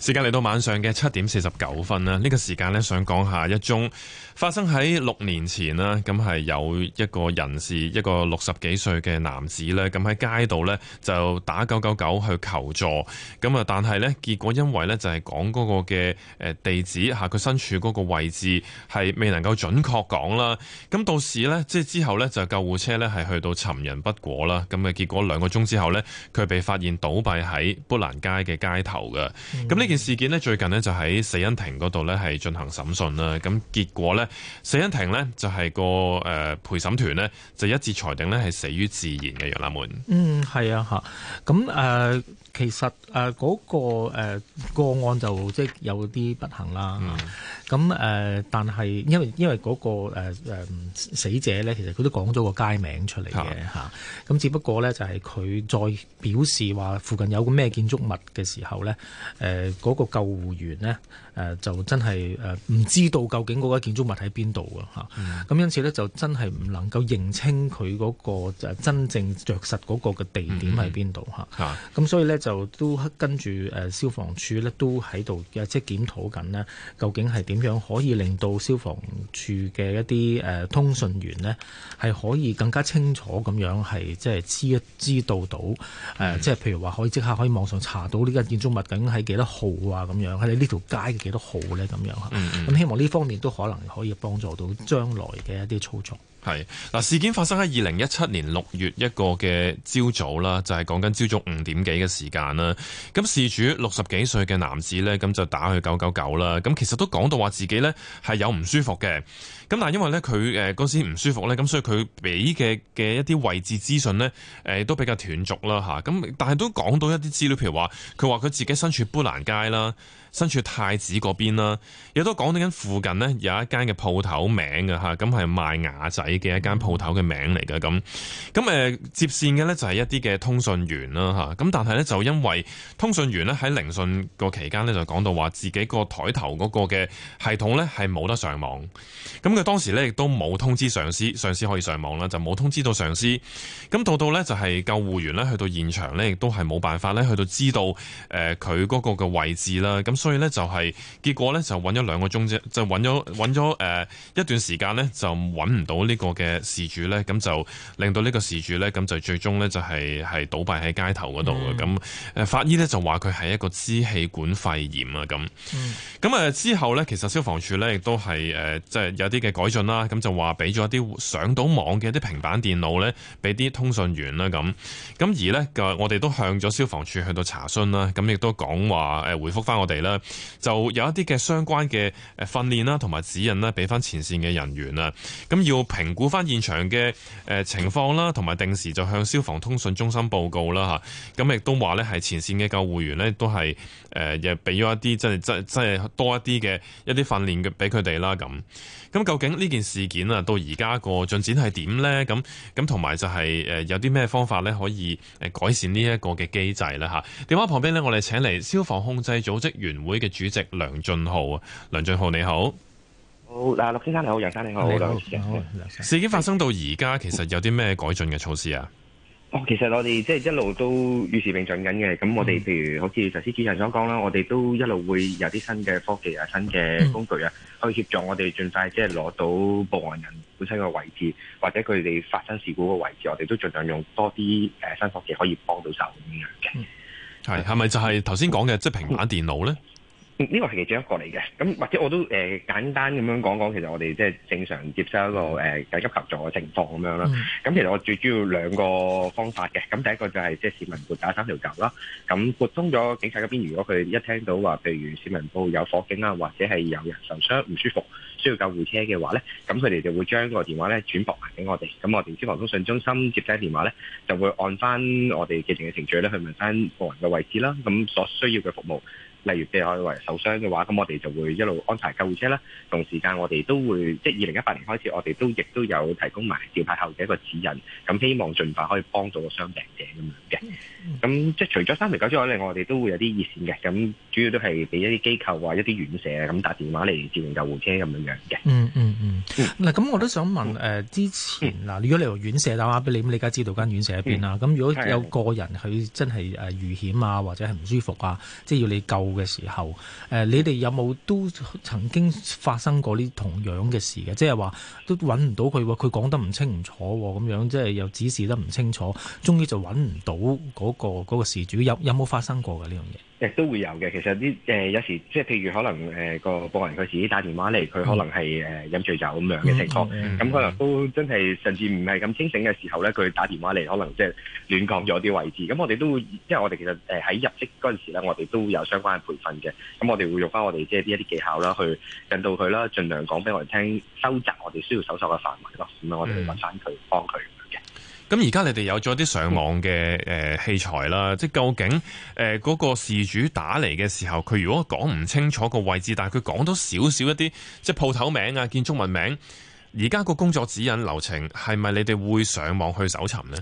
時間嚟到晚上嘅七點四十九分啦，呢、這個時間呢，想講下一宗發生喺六年前啦，咁、嗯、係有一個人士，一個六十幾歲嘅男子、嗯、呢，咁喺街度呢就打九九九去求助，咁、嗯、啊但係呢結果，因為呢就係講嗰個嘅誒地址吓，佢、啊、身處嗰個位置係未能夠準確講啦，咁、嗯嗯、到時呢，即係之後呢，就救護車呢係去到尋人不果啦，咁、嗯、啊，結果兩個鐘之後呢，佢被發現倒斃喺砵蘭街嘅街頭嘅，咁、嗯、呢？件事件咧最近咧就喺死因庭嗰度咧係進行審訊啦，咁結果呢，死因庭呢就係、那個誒、呃、陪審團呢，就一致裁定呢係死於自然嘅羊腩門。嗯，係啊吓，咁誒、呃、其實誒嗰、呃、個誒、呃、個案就即係有啲不幸啦。嗯咁誒、嗯，但係因為因為嗰、那個誒、呃、死者咧，其實佢都講咗個街名出嚟嘅吓，咁、啊啊、只不過咧，就係、是、佢再表示話附近有個咩建築物嘅時候咧，誒、呃、嗰、那個、救護員咧誒、呃、就真係誒唔知道究竟嗰個建築物喺邊度㗎吓，咁、啊嗯、因此咧，就真係唔能夠認清佢嗰個真正着實嗰個嘅地點喺邊度吓，咁所以咧就都跟住誒消防處咧都喺度即係檢討緊咧，究竟係點。咁樣可以令到消防處嘅一啲誒通訊員呢，係可以更加清楚咁樣係即係知知道到誒，即係，呃，譬如話可以即刻可以網上查到呢間建築物究竟喺幾多號啊，咁樣喺呢條街嘅幾多號呢？咁樣吓。咁希望呢方面都可能可以幫助到將來嘅一啲操作。係嗱，事件發生喺二零一七年六月一個嘅朝早啦，就係、是、講緊朝早五點幾嘅時間啦。咁事主六十幾歲嘅男子咧，咁就打去九九九啦。咁其實都講到話自己咧係有唔舒服嘅。咁但係因為咧佢誒嗰時唔舒服咧，咁所以佢俾嘅嘅一啲位置資訊咧，誒、呃、都比較斷續啦嚇。咁但係都講到一啲資料，譬如話佢話佢自己身處砵蘭街啦，身處太子嗰邊啦，亦都講到緊附近呢有一間嘅鋪頭名㗎嚇，咁係賣瓦仔。嘅一間鋪頭嘅名嚟嘅。咁，咁誒、呃、接線嘅咧就係一啲嘅通訊員啦吓，咁、啊、但係咧就因為通訊員咧喺聆訊個期間咧就講到話自己個台頭嗰個嘅系統咧係冇得上網，咁佢當時咧亦都冇通知上司，上司可以上網啦，就冇通知到上司，咁到到咧就係、是、救護員咧去到現場咧亦都係冇辦法咧去到知道誒佢嗰個嘅位置啦，咁所以咧就係、是、結果咧就揾咗兩個鐘啫，就揾咗揾咗誒一段時間咧就揾唔到呢。這個嘅事主呢，咁就令到呢個事主呢，咁就最終呢、就是，就係係倒斃喺街頭嗰度嘅。咁，誒法醫呢，就話佢係一個支氣管肺炎啊。咁，咁啊、mm.，之後呢，其實消防處呢，亦都係誒即係有啲嘅改進啦。咁就話俾咗一啲上到網嘅一啲平板電腦呢，俾啲通訊員啦。咁，咁而呢，我哋都向咗消防處去到查詢啦。咁亦都講話誒回覆翻我哋啦。就有一啲嘅相關嘅誒訓練啦，同埋指引啦，俾翻前線嘅人員啦咁要評估翻現場嘅誒情況啦，同埋定時就向消防通訊中心報告啦，吓，咁亦都話呢係前線嘅救護員呢，都係誒俾咗一啲真係真真係多一啲嘅一啲訓練嘅俾佢哋啦，咁咁究竟呢件事件啊到而家個進展係點呢？咁咁同埋就係誒有啲咩方法呢，可以誒改善呢一個嘅機制啦吓，電話旁邊呢，我哋請嚟消防控制組織員會嘅主席梁俊皓，梁俊皓你好。好，嗱，陸先生你好，楊生你好。你好，好事件發生到而家，是其實有啲咩改進嘅措施啊？哦、嗯，其實我哋即係一路都與時並進緊嘅。咁我哋譬如好似頭先主席所講啦，我哋都一路會有啲新嘅科技啊、新嘅工具啊，可以協助我哋盡快即係攞到報案人本身個位置，或者佢哋發生事故個位置，我哋都盡量用多啲誒新科技可以幫到手咁樣嘅。係係咪就係頭先講嘅即係平板電腦咧？呢個係其中一個嚟嘅，咁或者我都誒、呃、簡單咁樣講講，其實我哋即係正常接收一個誒緊、呃、急求助嘅情況咁樣啦。咁、嗯、其實我最主要兩個方法嘅，咁第一個就係即係市民撥打三條九啦。咁撥通咗警察嗰邊，如果佢一聽到話，譬如市民報有火警啦、啊，或者係有人受傷唔舒服，需要救護車嘅話咧，咁佢哋就會將個電話咧轉駁埋俾我哋。咁我哋消防通訊中心接聽電話咧，就會按翻我哋既定嘅程序咧去問翻個人嘅位置啦，咁所需要嘅服務。例如嘅外圍受傷嘅話，咁我哋就會一路安排救護車啦。同時間我哋都會即係二零一八年開始，我哋都亦都有提供埋調派後嘅一個指引。咁希望盡快可以幫到個傷病者咁樣嘅。咁即係除咗三條九之外咧，我哋都會有啲熱線嘅。咁主要都係俾一啲機構或一啲院舍咁打電話嚟召應救護車咁樣樣嘅、嗯。嗯嗯嗯。嗱，咁我都想問誒、呃，之前嗱，嗯、如果你話院舍我話俾你，咁你而家知道間院舍喺邊啦。咁、嗯、如果有個人佢真係誒遇險啊，或者係唔舒服啊，即係要你救。嘅時候，誒，你哋有冇都曾經發生過呢同樣嘅事嘅？即係話都揾唔到佢，佢講得唔清唔楚咁樣，即係又指示得唔清楚，終於就揾唔到嗰個、嗰個事主。有有冇發生過嘅呢樣嘢？誒都會有嘅，其實啲誒、呃、有時即係譬如可能誒個報案人佢自己打電話嚟，佢可能係誒飲醉酒咁樣嘅情況，咁可能都真係甚至唔係咁清醒嘅時候咧，佢打電話嚟可能即係亂講咗啲位置，咁、嗯、我哋都會，即係我哋其實誒喺入職嗰陣時咧，我哋都有相關嘅培訓嘅，咁我哋會用翻我哋即係一啲技巧啦，去引導佢啦，盡量講俾我哋聽，收集我哋需要搜索嘅範圍咯，咁樣我哋會揾翻佢幫佢。嗯，幫咁而家你哋有咗啲上網嘅器材啦，即究竟誒嗰個事主打嚟嘅時候，佢如果講唔清楚個位置，但佢講到少少一啲即係鋪頭名啊、建築物名，而家個工作指引流程係咪你哋會上網去搜尋呢？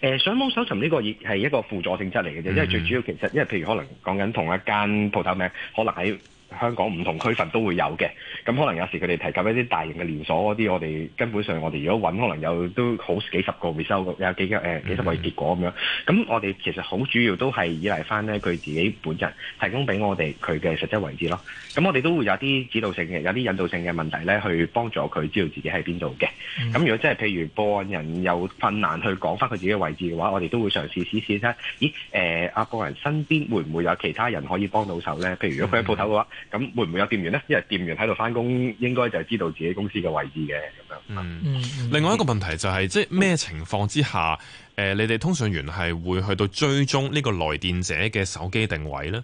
誒，上網搜尋呢個係一個輔助性質嚟嘅啫，因為最主要其實，因為譬如可能講緊同一間鋪頭名，可能喺香港唔同區份都會有嘅，咁可能有時佢哋提及一啲大型嘅連鎖嗰啲，我哋根本上我哋如果揾，可能有都好幾十個未收有幾嘅幾十個結果咁樣。咁我哋其實好主要都係依賴翻咧佢自己本人提供俾我哋佢嘅實質位置咯。咁我哋都會有啲指導性嘅，有啲引導性嘅問題咧，去幫助佢知道自己喺邊度嘅。咁、mm hmm. 如果即係譬如報案人有困難去講翻佢自己嘅位置嘅話，我哋都會嘗試試試睇，咦誒阿報案人身邊會唔會有其他人可以幫到手咧？譬如如果佢喺鋪頭嘅話。Mm hmm. 咁會唔會有店員呢？因為店員喺度翻工，應該就知道自己公司嘅位置嘅咁樣、嗯。嗯嗯、另外一個問題就係、是，即係咩情況之下，嗯呃、你哋通訊員係會去到追蹤呢個來電者嘅手機定位呢？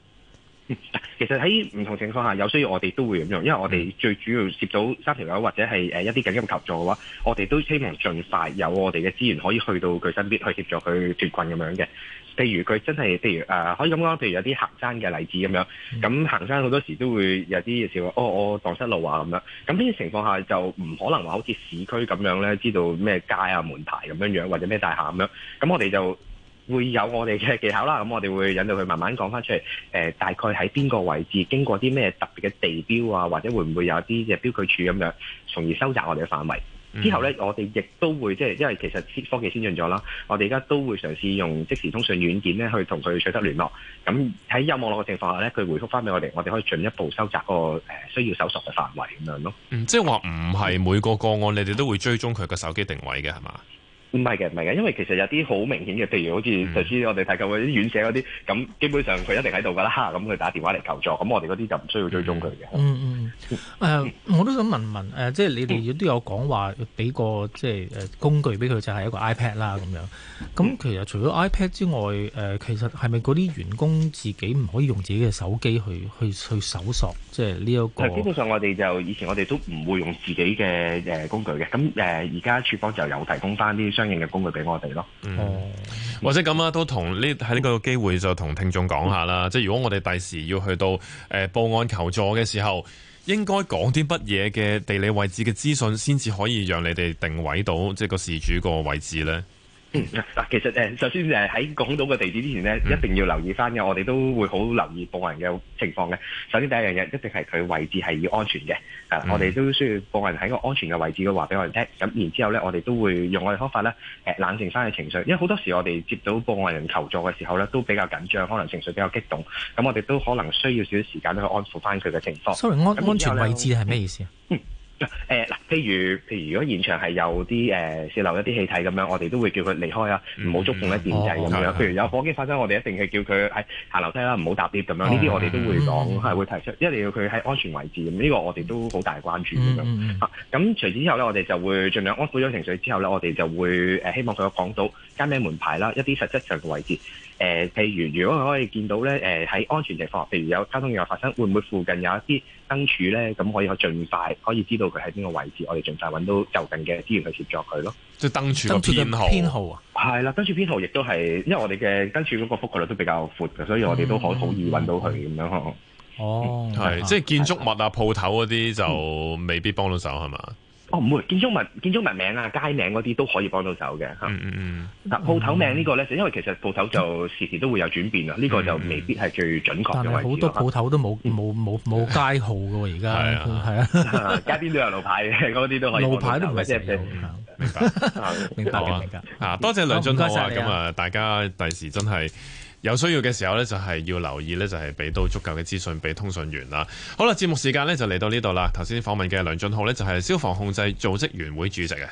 其實喺唔同情況下，有需要我哋都會咁樣用，因為我哋最主要接到三條友或者係一啲緊急求助嘅話，我哋都希望盡快有我哋嘅資源可以去到佢身邊去協助佢脫困咁樣嘅。譬如佢真係，譬如、呃、可以咁講，譬如有啲行山嘅例子咁樣，咁、嗯、行山好多時都會有啲嘢，話哦，我蕩失路啊咁樣。咁呢啲情況下就唔可能話好似市區咁樣咧，知道咩街啊門牌咁樣，或者咩大廈咁樣。咁我哋就會有我哋嘅技巧啦。咁我哋會引導佢慢慢講翻出嚟、呃。大概喺邊個位置，經過啲咩特別嘅地標啊，或者會唔會有啲嘅標記柱咁樣，從而收窄我哋嘅範圍。之後咧，我哋亦都會即係，因為其實科技先進咗啦，我哋而家都會嘗試用即時通訊軟件咧，去同佢取得聯絡。咁喺有網絡嘅情況下咧，佢回覆翻俾我哋，我哋可以進一步收集個需要搜索嘅範圍咁樣咯。嗯，即係話唔係每個個案你哋都會追蹤佢嘅手機定位嘅，係嘛？唔係嘅，唔係嘅，因為其實有啲好明顯嘅，譬如好似頭先我哋提及嗰啲院舍嗰啲，咁、嗯、基本上佢一定喺度㗎啦，咁佢打電話嚟求助，咁我哋嗰啲就唔需要追蹤佢嘅、嗯。嗯嗯嗯，我都想問問，誒、呃、即係你哋亦都有講話俾個即係誒工具俾佢，就係、是、一個 iPad 啦咁樣。咁其實除咗 iPad 之外，誒、呃、其實係咪嗰啲員工自己唔可以用自己嘅手機去去去搜索？即係呢一個。基本上我哋就以前我哋都唔會用自己嘅誒工具嘅，咁誒而家處方就有提供返啲相應嘅工具俾我哋咯、嗯，或者咁啊，都同呢喺呢個機會就同聽眾講下啦。即係如果我哋第時要去到誒、呃、報案求助嘅時候，應該講啲乜嘢嘅地理位置嘅資訊，先至可以讓你哋定位到即係個事主個位置呢？嗱，嗯、其實誒，首先誒喺港島嘅地址之前咧，嗯、一定要留意翻嘅，我哋都會好留意報案人嘅情況嘅。首先第一樣嘢，一定係佢位置係要安全嘅。啊、嗯，我哋都需要報案人喺個安全嘅位置去話俾我哋聽。咁然後之後咧，我哋都會用我哋方法咧，誒冷靜翻嘅情緒。因為好多時我哋接到報案人求助嘅時候咧，都比較緊張，可能情緒比較激動。咁我哋都可能需要少少時間去安撫翻佢嘅情況。安 Sorry, 安全位置係咩意思啊？嗯誒嗱、呃，譬如譬如如果現場係有啲誒洩漏一啲氣體咁樣，我哋都會叫佢離開啊，唔好觸碰一啲電制咁樣。哦、譬如有火警發生，我哋一定係叫佢喺、哎、行樓梯啦，唔好搭 lift 咁樣。呢啲，哦、我哋都會講係、嗯、會提出，一定要佢喺安全位置。呢個我哋都好大關注咁樣。咁除此之外咧，我哋就會盡量安撫咗情緒之後咧，我哋就會誒希望佢有講到間咩門牌啦，一啲實質上嘅位置。誒，譬如如果佢可以見到咧，誒、呃、喺安全情況，譬如有交通意外發生，會唔會附近有一啲燈柱咧，咁可以去盡快可以知道。佢喺邊個位置，我哋盡快揾到就近嘅資源去協助佢咯。即係燈柱編號，編號啊，係啦，燈柱編號亦都係，因為我哋嘅燈柱嗰個覆蓋率都比較闊嘅，所以我哋都可好易揾到佢咁樣。嗯嗯、哦，係、嗯，即係建築物啊、鋪頭嗰啲就未必幫到手係嘛。嗯唔會建築物建築物名啊、街名嗰啲都可以幫到手嘅。嗯嗯嗯。嗱，鋪頭名呢個咧，就因為其實鋪頭就時時都會有轉變啦，呢個就未必係最準確。但係好多鋪頭都冇冇冇冇街號㗎喎，而家係啊。係啊，街邊都有路牌嘅，嗰啲都可以。路牌都唔係即係，明白明白啊，多謝梁俊皓啊！咁啊，大家第時真係。有需要嘅時候咧，就係要留意咧，就係俾到足夠嘅資訊俾通訊員啦。好啦，節目時間咧就嚟到呢度啦。頭先訪問嘅梁俊皓咧，就係消防控制組織員會主席嘅。